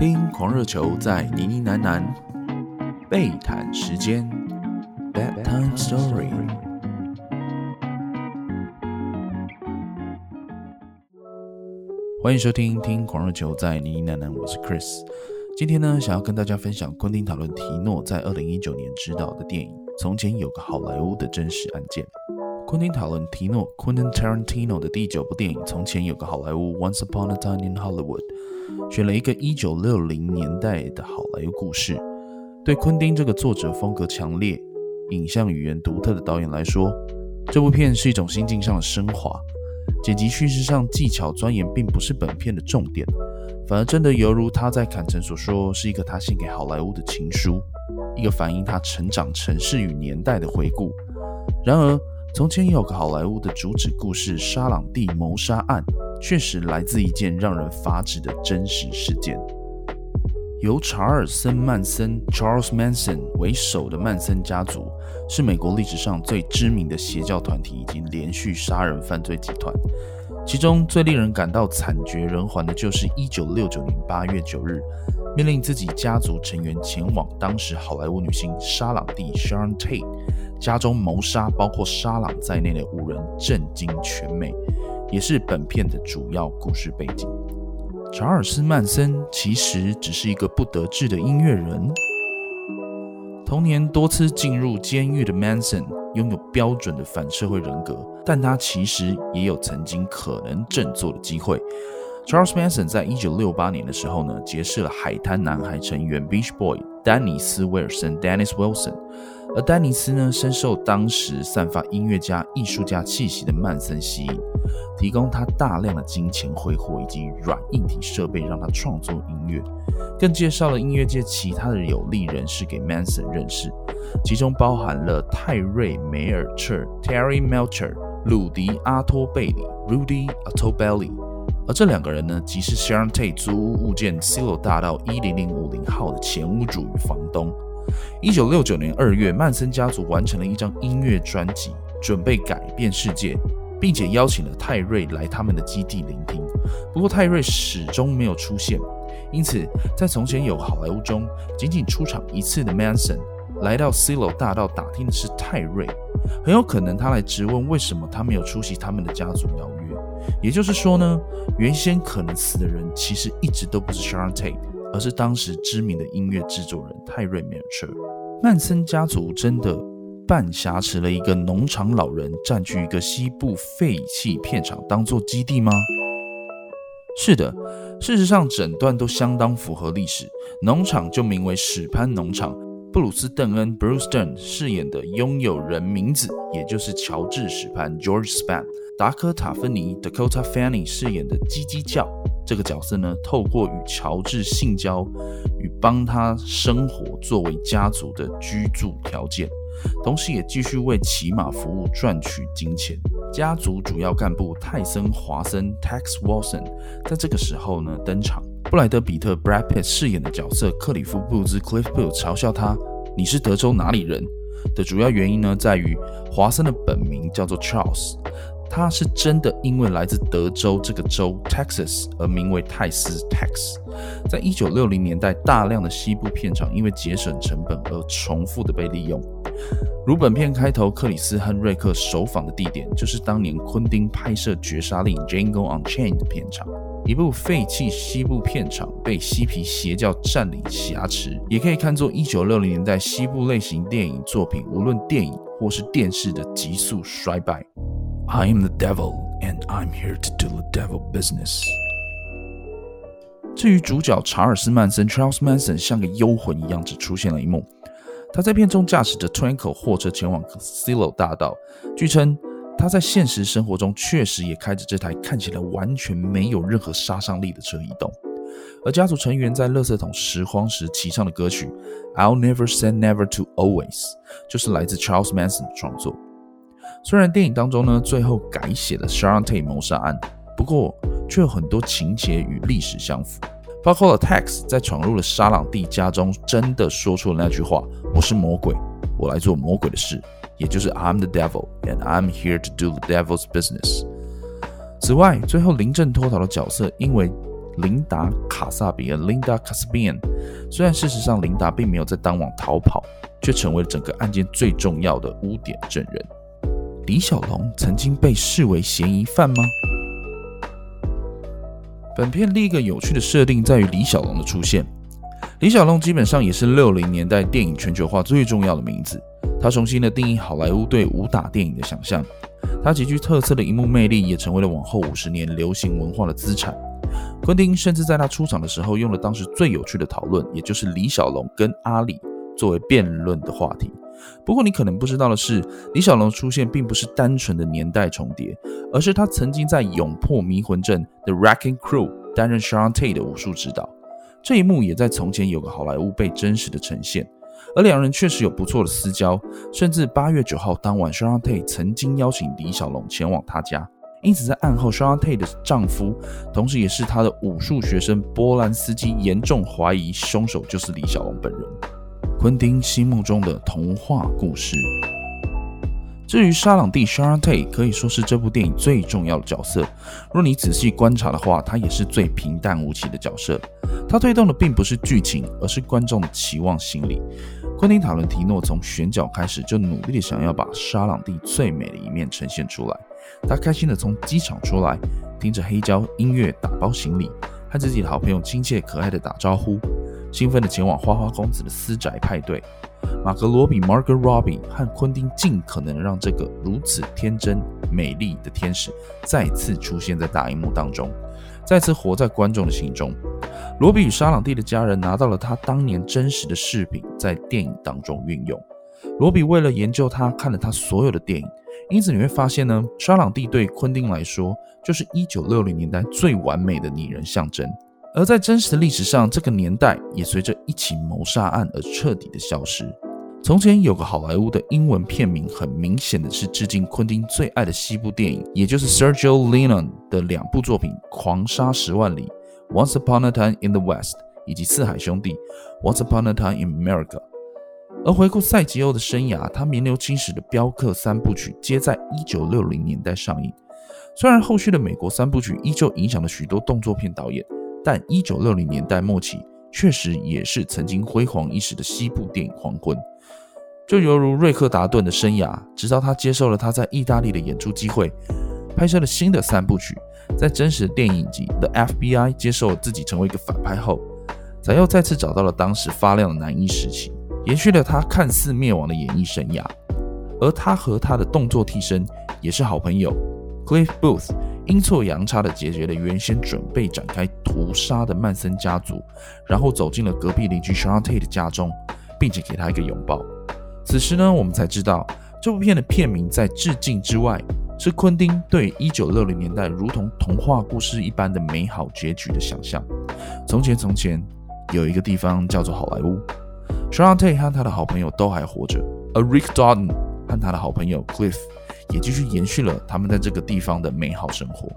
聽狂熱球在呢呢喃喃，被毯時間，Bedtime Story。歡迎收聽，聽狂熱球在呢呢喃喃，我是 Chris。今天呢，想要跟大家分享昆汀塔倫提諾在二零一九年執導的電影《從前有個好萊塢的真實案件》。昆汀塔倫提諾，Quentin Tarantino 的第九部電影《從前有個好萊塢》（Once Upon a Time in Hollywood）。選了一個1960年代的好萊塢故事，對昆汀這個作者風格強烈、影像語言獨特的導演來說，這部片是一種心境上的升華。剪輯敘事上技巧鑽研並不是本片的重點，反而真的猶如他在坎城所說，是一個他獻給好萊塢的情書，一個反映他成長、城市與年代的回顧。然而，從前有個好萊塢的主旨故事——沙朗蒂謀殺案。確實來自一件讓人髮指的真實事件。由查爾森·曼森 （Charles Manson） 為首的曼森家族是美國歷史上最知名的邪教團體以及連續殺人犯罪集團。其中最令人感到慘絕人寰的就是1969年8月9日，命令自己家族成員前往當時好萊塢女星莎朗·蒂 （Sharon Tate） 家中謀殺，包括莎朗在內的五人震驚全美。也是本片的主要故事背景。查爾斯·曼森其實只是一個不得志的音樂人。童年多次進入監獄的曼森擁有標準的反社會人格，但他其實也有曾經可能振作的機會。Charles Manson 在1968年的時候呢，結識了海灘男孩成員 Beach Boy 丹尼斯·威爾森 （Dennis Wilson），而丹尼斯呢，深受當時散發音樂家、藝術家氣息的曼森吸引，提供他大量的金錢揮霍以及軟硬體設備讓他創作音樂，更介紹了音樂界其他的有力人士給 Manson 認識，其中包含了泰瑞·梅爾徹 （Terry Melcher）、Mel cher, 魯迪·阿托貝里 （Rudy Altobelli 而這兩個人呢，即是 Sharon Tate 租屋物件 Cielo 大道一零零五零號的前屋主與房東。一九六九年二月，曼森家族完成了一張音樂專輯，準備改變世界，並且邀請了泰瑞來他們的基地聆聽。不過泰瑞始終沒有出現，因此在從前有好萊塢中僅僅出場一次的 Manson，來到 Cielo 大道打聽的是。泰瑞很有可能他來質問為什麼他沒有出席他們的家族邀約，也就是說呢，原先可能死的人其實一直都不是 Sharon Tate，而是當時知名的音樂製作人泰瑞·梅爾徹。曼森家族真的半挾持了一個農場老人，佔據一個西部廢棄片場當做基地嗎？是的，事實上整段都相當符合歷史，農場就名為史潘農場。布魯斯·鄧恩 （Bruce Dern） 飾演的擁有人名字，也就是喬治·史潘 （George Span）。達科塔·芬尼 （Dakota f a n n y 飾演的“嘰嘰叫”這個角色呢，透過與喬治性交，與幫他生活作為家族的居住條件，同時也繼續為騎馬服務賺取金錢。家族主要幹部泰森·華森 （Tex Watson） 在這個時候呢登場。布萊德比特 （Brad Pitt） 飾演的角色克里夫·布茲 （Cliff b u d 嘲笑他：“你是德州哪裡人？”的主要原因呢，在於華森的本名叫做 Charles，他是真的因為來自德州這個州 （Texas） 而名為泰斯 （Tex）。在一九六零年代，大量的西部片場因為節省成本而重複的被利用，如本片開頭克里斯和瑞克首訪的地點，就是當年昆汀拍攝《絕殺令、d、j a n g l e on Chain） 的片場。一部廢棄西部片場被嬉皮邪教佔領，瑕疵也可以看作一九六零年代西部類型電影作品，無論電影或是電視的急速衰敗。I am the devil and I'm here to do the devil business。至於主角查爾斯·曼森 （Charles Manson） 像個幽魂一樣，只出現了一幕。他在片中駕駛着 Twinkle 貨車前往 Cielo 大道，據稱。他在現實生活中確實也開着這台看起來完全沒有任何殺傷力的車移動，而家族成員在垃圾桶拾荒時齊唱的歌曲 I'll Never Say Never to Always 就是來自 Charles Manson 的創作。雖然電影當中呢，最後改寫了沙朗蒂謀殺案，不過卻有很多情節與歷史相符，包括了 Tex 在闖入了沙朗蒂家中真的說出了那句話：“我是魔鬼，我來做魔鬼的事。”也就是 I'm the devil and I'm here to do the devil's business。此外，最後臨陣脫逃的角色應為琳達·卡薩比恩，琳達卡斯比恩。雖然事實上琳達並沒有在當晚逃跑，卻成為了整個案件最重要的污點證人。李小龍曾經被視為嫌疑犯嗎？本片另一個有趣的設定在於李小龍的出現。李小龍基本上也是六零年代電影全球化最重要的名字。他重新的定義好萊塢對武打電影的想象，他極具特色的熒幕魅力也成為了往後五十年流行文化的資產。昆汀甚至在他出場的時候用了當時最有趣的討論，也就是李小龍跟阿里作為辯論的話題。不過你可能不知道的是，李小龍出現並不是單純的年代重疊，而是他曾經在《勇破迷魂陣》The Wrecking Crew 擔任 Sharon Tate 的武術指導。這一幕也在從前有個好萊塢被真實的呈現。而兩人確實有不錯的私交，甚至八月九號當晚，Sharon Tate 曾經邀請李小龍前往她家。因此，在案後，Sharon Tate 的丈夫，同時也是她的武術學生波蘭斯基，嚴重懷疑兇手就是李小龍本人。昆汀心目中的童話故事。至於沙朗蒂 Sharon Tate，可以說是這部電影最重要的角色。若你仔細觀察的話，她也是最平淡無奇的角色。他推動的並不是劇情，而是觀眾的期望心理。昆汀·塔倫提諾從選角開始就努力的想要把沙朗蒂最美的一面呈現出來。他開心的從機場出來，聽着黑膠音樂，打包行李，和自己的好朋友親切可愛的打招呼，興奮的前往花花公子的私宅派對。馬格羅比 m a r g a r e t Robbie） 和昆汀盡可能讓這個如此天真美麗的天使再次出現在大熒幕當中，再次活在觀眾的心中。羅比與沙朗蒂的家人拿到了他當年真實的飾品，在電影當中運用。羅比為了研究他，看了他所有的電影。因此你會發現呢，沙朗蒂對昆汀來說就是1960年代最完美的擬人象徵。而在真實的歷史上，這個年代也隨着一起謀殺案而徹底的消失。從前有個好萊塢的英文片名，很明顯的是致敬昆汀最愛的西部電影，也就是 Sergio Leone 的兩部作品《狂沙十萬里》。Once Upon A Time in the West，以及四海兄弟，Once Upon A Time in America。而回顧塞吉歐的生涯，他名留青史的《鏢客三部曲》皆在一九六零年代上映。雖然後續的美國三部曲依舊影響了許多動作片導演，但一九六零年代末期確實也是曾經輝煌一時的西部電影黃昏。就猶如瑞克·達頓的生涯，直到他接受了他在意大利的演出機會。拍攝了新的三部曲，在真實的電影集《The FBI》接受了自己成為一個反派後，才又再次找到了當時發亮的男一時期，延續了他看似滅亡的演藝生涯。而他和他的動作替身也是好朋友，Cliff Booth，陰錯陽差的解決了原先準備展開屠殺的曼森家族，然後走進了隔壁鄰居 Charlotte 的家中，並且給他一個擁抱。此時呢，我們才知道這部片的片名在致敬之外。是昆汀對一九六零年代如同童話故事一般的美好結局的想象。從前從前，有一個地方叫做好萊塢。Sharon Tate 和他的好朋友都還活着，而 Rick Dalton 和他的好朋友 Cliff 也繼續延續了他們在這個地方的美好生活。